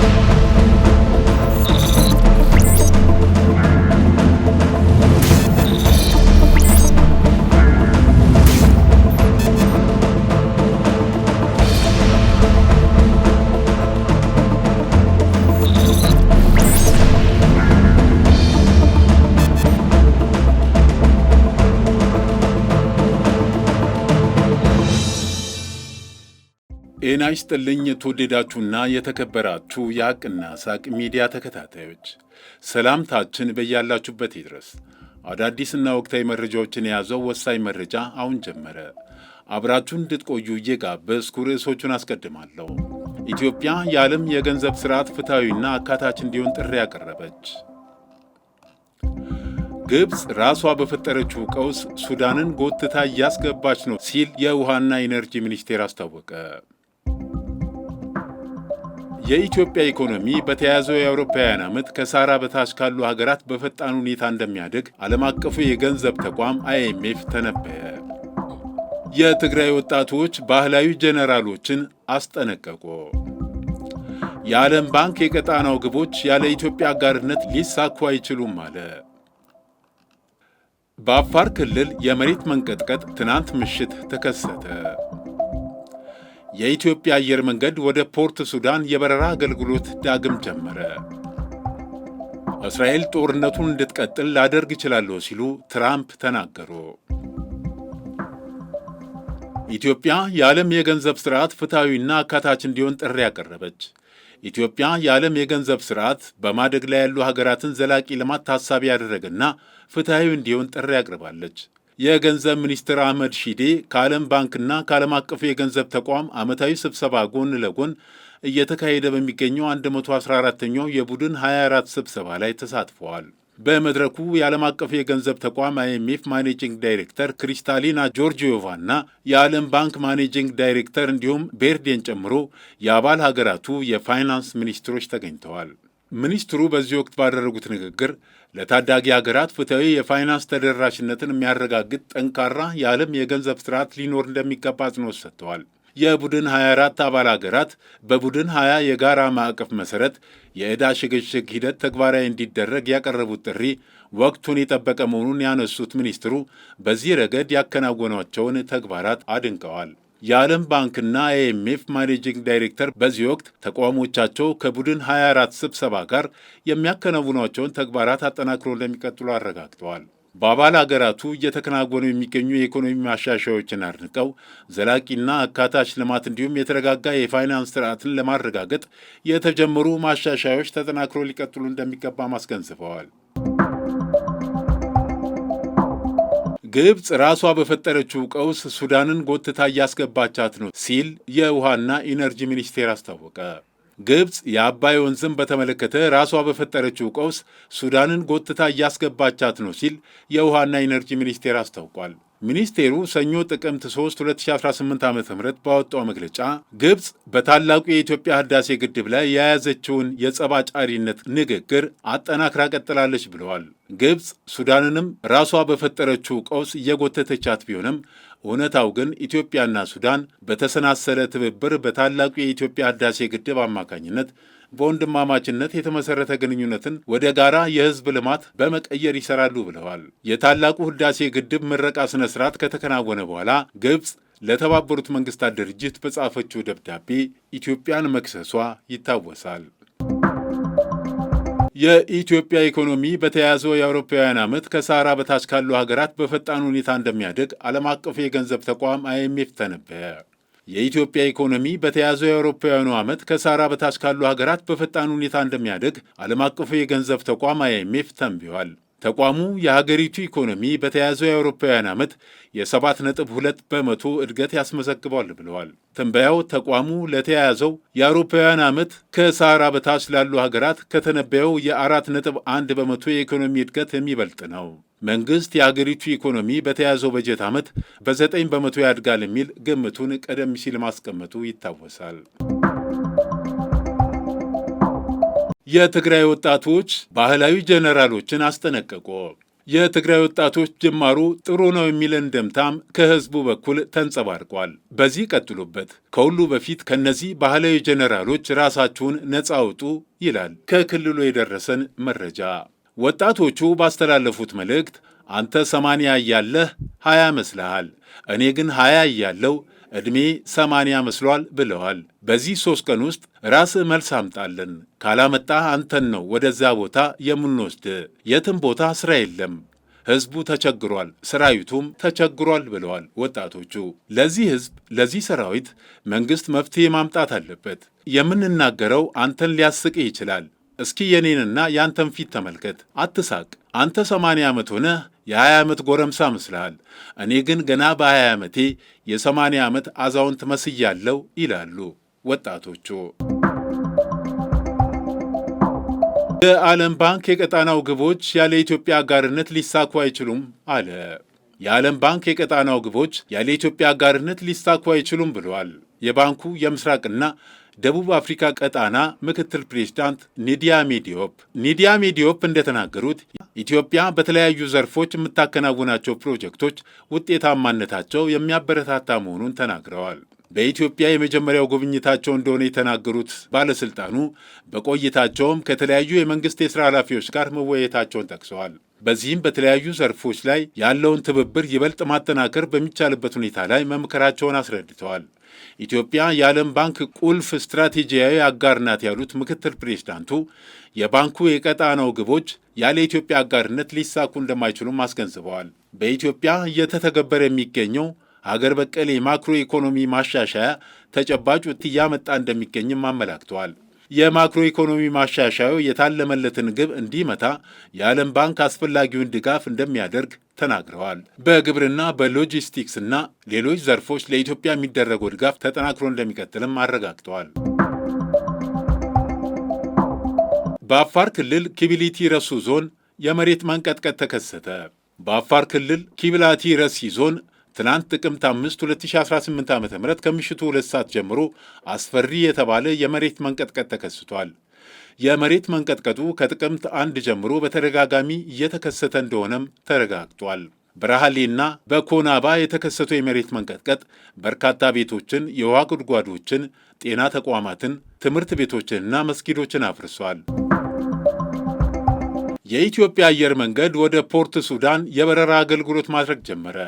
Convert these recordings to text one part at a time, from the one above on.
Thank you. ጤና ይስጥልኝ የተወደዳችሁና የተከበራችሁ የሐቅና ሳቅ ሚዲያ ተከታታዮች፣ ሰላምታችን በያላችሁበት ይድረስ። አዳዲስና ወቅታዊ መረጃዎችን የያዘው ወሳኝ መረጃ አሁን ጀመረ። አብራችሁን እንድትቆዩ እየጋበዝኩ ርዕሶቹን አስቀድማለሁ። ኢትዮጵያ የዓለም የገንዘብ ሥርዓት ፍትሐዊና አካታች እንዲሆን ጥሪ ያቀረበች። ግብፅ ራሷ በፈጠረችው ቀውስ ሱዳንን ጎትታ እያስገባች ነው ሲል የውሃና ኢነርጂ ሚኒስቴር አስታወቀ። የኢትዮጵያ ኢኮኖሚ በተያያዘው የአውሮፓውያን ዓመት ከሳራ በታች ካሉ ሀገራት በፈጣን ሁኔታ እንደሚያድግ ዓለም አቀፉ የገንዘብ ተቋም አይኤምኤፍ ተነበየ። የትግራይ ወጣቶች ባህላዊ ጀነራሎችን አስጠነቀቁ። የዓለም ባንክ የቀጣናው ግቦች ያለ ኢትዮጵያ አጋርነት ሊሳኩ አይችሉም አለ። በአፋር ክልል የመሬት መንቀጥቀጥ ትናንት ምሽት ተከሰተ። የኢትዮጵያ አየር መንገድ ወደ ፖርት ሱዳን የበረራ አገልግሎት ዳግም ጀመረ። እስራኤል ጦርነቱን እንድትቀጥል ላደርግ እችላለሁ ሲሉ ትራምፕ ተናገሩ። ኢትዮጵያ የዓለም የገንዘብ ስርዓት ፍትሐዊና አካታች እንዲሆን ጥሪ ያቀረበች። ኢትዮጵያ የዓለም የገንዘብ ስርዓት በማደግ ላይ ያሉ ሀገራትን ዘላቂ ልማት ታሳቢ ያደረገና ፍትሐዊ እንዲሆን ጥሪ አቅርባለች። የገንዘብ ሚኒስትር አህመድ ሺዴ ከዓለም ባንክና ከዓለም አቀፉ የገንዘብ ተቋም ዓመታዊ ስብሰባ ጎን ለጎን እየተካሄደ በሚገኘው 114ኛው የቡድን 24 ስብሰባ ላይ ተሳትፈዋል። በመድረኩ የዓለም አቀፍ የገንዘብ ተቋም አይኤምኤፍ ማኔጂንግ ዳይሬክተር ክሪስታሊና ጆርጂዮቫና የዓለም ባንክ ማኔጂንግ ዳይሬክተር እንዲሁም ቤርዴን ጨምሮ የአባል ሀገራቱ የፋይናንስ ሚኒስትሮች ተገኝተዋል። ሚኒስትሩ በዚህ ወቅት ባደረጉት ንግግር ለታዳጊ ሀገራት ፍትሐዊ የፋይናንስ ተደራሽነትን የሚያረጋግጥ ጠንካራ የዓለም የገንዘብ ስርዓት ሊኖር እንደሚገባ አጽንኦት ሰጥተዋል። የቡድን 24 አባል ሀገራት በቡድን 20 የጋራ ማዕቀፍ መሠረት የዕዳ ሽግሽግ ሂደት ተግባራዊ እንዲደረግ ያቀረቡት ጥሪ ወቅቱን የጠበቀ መሆኑን ያነሱት ሚኒስትሩ በዚህ ረገድ ያከናወኗቸውን ተግባራት አድንቀዋል። የዓለም ባንክና አይኤምኤፍ ማኔጂንግ ዳይሬክተር በዚህ ወቅት ተቋሞቻቸው ከቡድን 24 ስብሰባ ጋር የሚያከናውኗቸውን ተግባራት አጠናክሮ እንደሚቀጥሉ አረጋግጠዋል። በአባል አገራቱ እየተከናወኑ የሚገኙ የኢኮኖሚ ማሻሻያዎችን አድንቀው ዘላቂና አካታች ልማት እንዲሁም የተረጋጋ የፋይናንስ ስርዓትን ለማረጋገጥ የተጀመሩ ማሻሻያዎች ተጠናክሮ ሊቀጥሉ እንደሚገባም አስገንዝበዋል። ግብፅ ራሷ በፈጠረችው ቀውስ ሱዳንን ጎትታ እያስገባቻት ነው ሲል የውሃና ኢነርጂ ሚኒስቴር አስታወቀ። ግብፅ የአባይ ወንዝን በተመለከተ ራሷ በፈጠረችው ቀውስ ሱዳንን ጎትታ እያስገባቻት ነው ሲል የውሃና ኢነርጂ ሚኒስቴር አስታውቋል። ሚኒስቴሩ ሰኞ ጥቅምት 3 2018 ዓ ም ባወጣው መግለጫ ግብፅ በታላቁ የኢትዮጵያ ህዳሴ ግድብ ላይ የያዘችውን የጸባጫሪነት ንግግር አጠናክራ ቀጥላለች ብለዋል። ግብፅ ሱዳንንም ራሷ በፈጠረችው ቀውስ እየጎተተቻት ቢሆንም እውነታው ግን ኢትዮጵያና ሱዳን በተሰናሰለ ትብብር በታላቁ የኢትዮጵያ ህዳሴ ግድብ አማካኝነት በወንድማማችነት የተመሰረተ ግንኙነትን ወደ ጋራ የህዝብ ልማት በመቀየር ይሰራሉ ብለዋል። የታላቁ ህዳሴ ግድብ ምረቃ ሥነ ሥርዓት ከተከናወነ በኋላ ግብፅ ለተባበሩት መንግስታት ድርጅት በጻፈችው ደብዳቤ ኢትዮጵያን መክሰሷ ይታወሳል። የኢትዮጵያ ኢኮኖሚ በተያያዘው የአውሮፓውያን ዓመት ከሰሃራ በታች ካሉ ሀገራት በፈጣን ሁኔታ እንደሚያድግ ዓለም አቀፉ የገንዘብ ተቋም አይኤምኤፍ ተነበየ። የኢትዮጵያ ኢኮኖሚ በተያዘ የአውሮፓውያኑ ዓመት ከሰሃራ በታች ካሉ ሀገራት በፈጣን ሁኔታ እንደሚያደግ ዓለም አቀፉ የገንዘብ ተቋም አይኤምኤፍ ተንብዮአል። ተቋሙ የሀገሪቱ ኢኮኖሚ በተያዘው የአውሮፓውያን ዓመት የ7.2 በመቶ እድገት ያስመዘግባል ብለዋል። ትንበያው ተቋሙ ለተያያዘው የአውሮፓውያን ዓመት ከሳራ በታች ላሉ ሀገራት ከተነበየው የ4.1 በመቶ የኢኮኖሚ እድገት የሚበልጥ ነው። መንግሥት የአገሪቱ ኢኮኖሚ በተያዘው በጀት ዓመት በ9 በመቶ ያድጋል የሚል ግምቱን ቀደም ሲል ማስቀመጡ ይታወሳል። የትግራይ ወጣቶች ባህላዊ ጀነራሎችን አስጠነቀቁ። የትግራይ ወጣቶች ጅማሩ ጥሩ ነው የሚል እንደምታም ከህዝቡ በኩል ተንጸባርቋል። በዚህ ቀጥሉበት፣ ከሁሉ በፊት ከነዚህ ባህላዊ ጀነራሎች ራሳችሁን ነፃ አውጡ ይላል ከክልሉ የደረሰን መረጃ። ወጣቶቹ ባስተላለፉት መልእክት አንተ ሰማንያ እያለህ ሀያ መስልሃል፣ እኔ ግን ሀያ እያለው ዕድሜ ሰማንያ መስሏል ብለዋል። በዚህ ሦስት ቀን ውስጥ ራስ መልስ አምጣልን፣ ካላመጣ አንተን ነው ወደዛ ቦታ የምንወስድ። የትም ቦታ ሥራ የለም። ሕዝቡ ተቸግሯል፣ ሰራዊቱም ተቸግሯል ብለዋል ወጣቶቹ። ለዚህ ሕዝብ ለዚህ ሰራዊት መንግሥት መፍትሄ ማምጣት አለበት። የምንናገረው አንተን ሊያስቅህ ይችላል እስኪ የኔንና ያንተን ፊት ተመልከት፣ አትሳቅ። አንተ ሰማንያ ዓመት ሆነህ የሀያ ዓመት ጎረምሳ መስልሃል። እኔ ግን ገና በሀያ ዓመቴ የሰማንያ ዓመት አዛውንት መስያለው ይላሉ ወጣቶቹ። የዓለም ባንክ የቀጣናው ግቦች ያለ ኢትዮጵያ አጋርነት ሊሳኩ አይችሉም አለ። የዓለም ባንክ የቀጣናው ግቦች ያለ ኢትዮጵያ አጋርነት ሊሳኩ አይችሉም ብለዋል። የባንኩ የምስራቅና ደቡብ አፍሪካ ቀጣና ምክትል ፕሬዚዳንት ኒዲያ ሜዲዮፕ ኒዲያ ሜዲዮፕ እንደተናገሩት ኢትዮጵያ በተለያዩ ዘርፎች የምታከናውናቸው ፕሮጀክቶች ውጤታማነታቸው የሚያበረታታ መሆኑን ተናግረዋል። በኢትዮጵያ የመጀመሪያው ጉብኝታቸው እንደሆነ የተናገሩት ባለስልጣኑ በቆይታቸውም ከተለያዩ የመንግስት የሥራ ኃላፊዎች ጋር መወያየታቸውን ጠቅሰዋል። በዚህም በተለያዩ ዘርፎች ላይ ያለውን ትብብር ይበልጥ ማጠናከር በሚቻልበት ሁኔታ ላይ መምከራቸውን አስረድተዋል። ኢትዮጵያ የዓለም ባንክ ቁልፍ ስትራቴጂያዊ አጋር ናት ያሉት ምክትል ፕሬዚዳንቱ የባንኩ የቀጣናው ግቦች ያለ ኢትዮጵያ አጋርነት ሊሳኩ እንደማይችሉም አስገንዝበዋል። በኢትዮጵያ እየተተገበረ የሚገኘው አገር በቀል የማክሮ ኢኮኖሚ ማሻሻያ ተጨባጭ ውጤት እያመጣ እንደሚገኝም አመላክተዋል። የማክሮ ኢኮኖሚ ማሻሻያው የታለመለትን ግብ እንዲመታ የዓለም ባንክ አስፈላጊውን ድጋፍ እንደሚያደርግ ተናግረዋል። በግብርና በሎጂስቲክስና ሌሎች ዘርፎች ለኢትዮጵያ የሚደረገው ድጋፍ ተጠናክሮ እንደሚቀጥልም አረጋግጠዋል። በአፋር ክልል ኪቢሊቲ ረሱ ዞን የመሬት መንቀጥቀጥ ተከሰተ። በአፋር ክልል ኪቢላቲ ረሲ ዞን ትናንት ጥቅምት 5 2018 ዓ ም ከምሽቱ ሁለት ሰዓት ጀምሮ አስፈሪ የተባለ የመሬት መንቀጥቀጥ ተከስቷል። የመሬት መንቀጥቀጡ ከጥቅምት አንድ ጀምሮ በተደጋጋሚ እየተከሰተ እንደሆነም ተረጋግጧል። በራሃሌና በኮናባ የተከሰተው የመሬት መንቀጥቀጥ በርካታ ቤቶችን፣ የውሃ ጉድጓዶችን፣ ጤና ተቋማትን፣ ትምህርት ቤቶችንና መስጊዶችን አፍርሷል። የኢትዮጵያ አየር መንገድ ወደ ፖርት ሱዳን የበረራ አገልግሎት ማድረግ ጀመረ።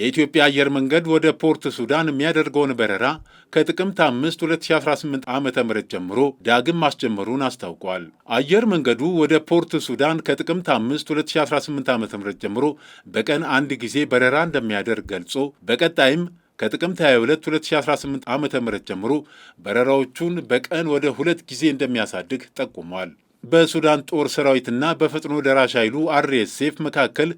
የኢትዮጵያ አየር መንገድ ወደ ፖርት ሱዳን የሚያደርገውን በረራ ከጥቅምት 5 2018 ዓ ም ጀምሮ ዳግም ማስጀመሩን አስታውቋል። አየር መንገዱ ወደ ፖርት ሱዳን ከጥቅምት 5 2018 ዓ ም ጀምሮ በቀን አንድ ጊዜ በረራ እንደሚያደርግ ገልጾ በቀጣይም ከጥቅምት 22 2018 ዓ ም ጀምሮ በረራዎቹን በቀን ወደ ሁለት ጊዜ እንደሚያሳድግ ጠቁሟል። በሱዳን ጦር ሰራዊትና በፈጥኖ ደራሽ ኃይሉ አርኤስኤፍ መካከል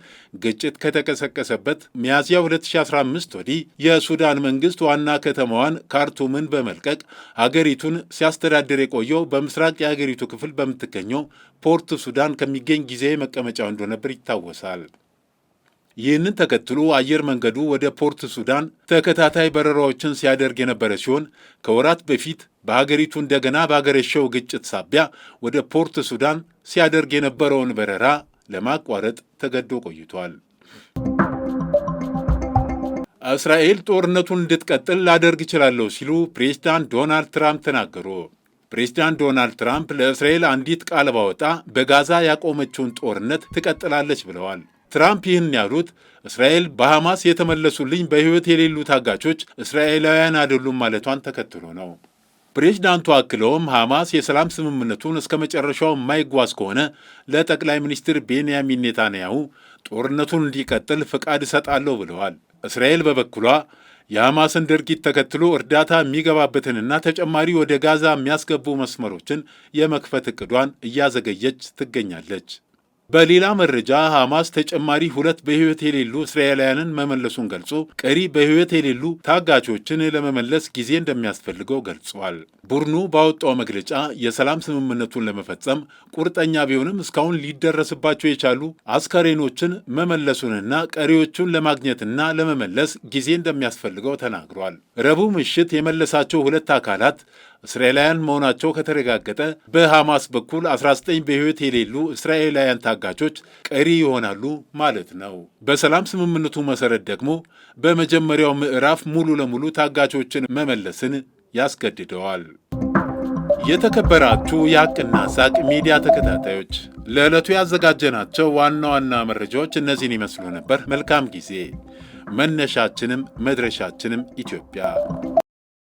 ግጭት ከተቀሰቀሰበት ሚያዝያ 2015 ወዲህ የሱዳን መንግስት ዋና ከተማዋን ካርቱምን በመልቀቅ አገሪቱን ሲያስተዳድር የቆየው በምስራቅ የአገሪቱ ክፍል በምትገኘው ፖርት ሱዳን ከሚገኝ ጊዜያዊ መቀመጫው እንደነበር ይታወሳል። ይህንን ተከትሎ አየር መንገዱ ወደ ፖርት ሱዳን ተከታታይ በረራዎችን ሲያደርግ የነበረ ሲሆን ከወራት በፊት በሀገሪቱ እንደገና በአገረሸው ግጭት ሳቢያ ወደ ፖርት ሱዳን ሲያደርግ የነበረውን በረራ ለማቋረጥ ተገዶ ቆይቷል። እስራኤል ጦርነቱን እንድትቀጥል ላደርግ እችላለሁ ሲሉ ፕሬዚዳንት ዶናልድ ትራምፕ ተናገሩ። ፕሬዚዳንት ዶናልድ ትራምፕ ለእስራኤል አንዲት ቃል ባወጣ በጋዛ ያቆመችውን ጦርነት ትቀጥላለች ብለዋል። ትራምፕ ይህን ያሉት እስራኤል በሐማስ የተመለሱልኝ በሕይወት የሌሉ ታጋቾች እስራኤላውያን አይደሉም ማለቷን ተከትሎ ነው። ፕሬዚዳንቱ አክለውም ሐማስ የሰላም ስምምነቱን እስከ መጨረሻው የማይጓዝ ከሆነ ለጠቅላይ ሚኒስትር ቤንያሚን ኔታንያሁ ጦርነቱን እንዲቀጥል ፍቃድ እሰጣለሁ ብለዋል። እስራኤል በበኩሏ የሐማስን ድርጊት ተከትሎ እርዳታ የሚገባበትንና ተጨማሪ ወደ ጋዛ የሚያስገቡ መስመሮችን የመክፈት እቅዷን እያዘገየች ትገኛለች። በሌላ መረጃ ሐማስ ተጨማሪ ሁለት በሕይወት የሌሉ እስራኤላውያንን መመለሱን ገልጾ ቀሪ በሕይወት የሌሉ ታጋቾችን ለመመለስ ጊዜ እንደሚያስፈልገው ገልጿል። ቡድኑ ባወጣው መግለጫ የሰላም ስምምነቱን ለመፈጸም ቁርጠኛ ቢሆንም እስካሁን ሊደረስባቸው የቻሉ አስከሬኖችን መመለሱንና ቀሪዎቹን ለማግኘትና ለመመለስ ጊዜ እንደሚያስፈልገው ተናግሯል። ረቡዕ ምሽት የመለሳቸው ሁለት አካላት እስራኤላውያን መሆናቸው ከተረጋገጠ በሐማስ በኩል 19 በሕይወት የሌሉ እስራኤላውያን ታጋቾች ቀሪ ይሆናሉ ማለት ነው። በሰላም ስምምነቱ መሰረት ደግሞ በመጀመሪያው ምዕራፍ ሙሉ ለሙሉ ታጋቾችን መመለስን ያስገድደዋል። የተከበራችሁ የሐቅና ሳቅ ሚዲያ ተከታታዮች ለዕለቱ ያዘጋጀናቸው ዋና ዋና መረጃዎች እነዚህን ይመስሉ ነበር። መልካም ጊዜ። መነሻችንም መድረሻችንም ኢትዮጵያ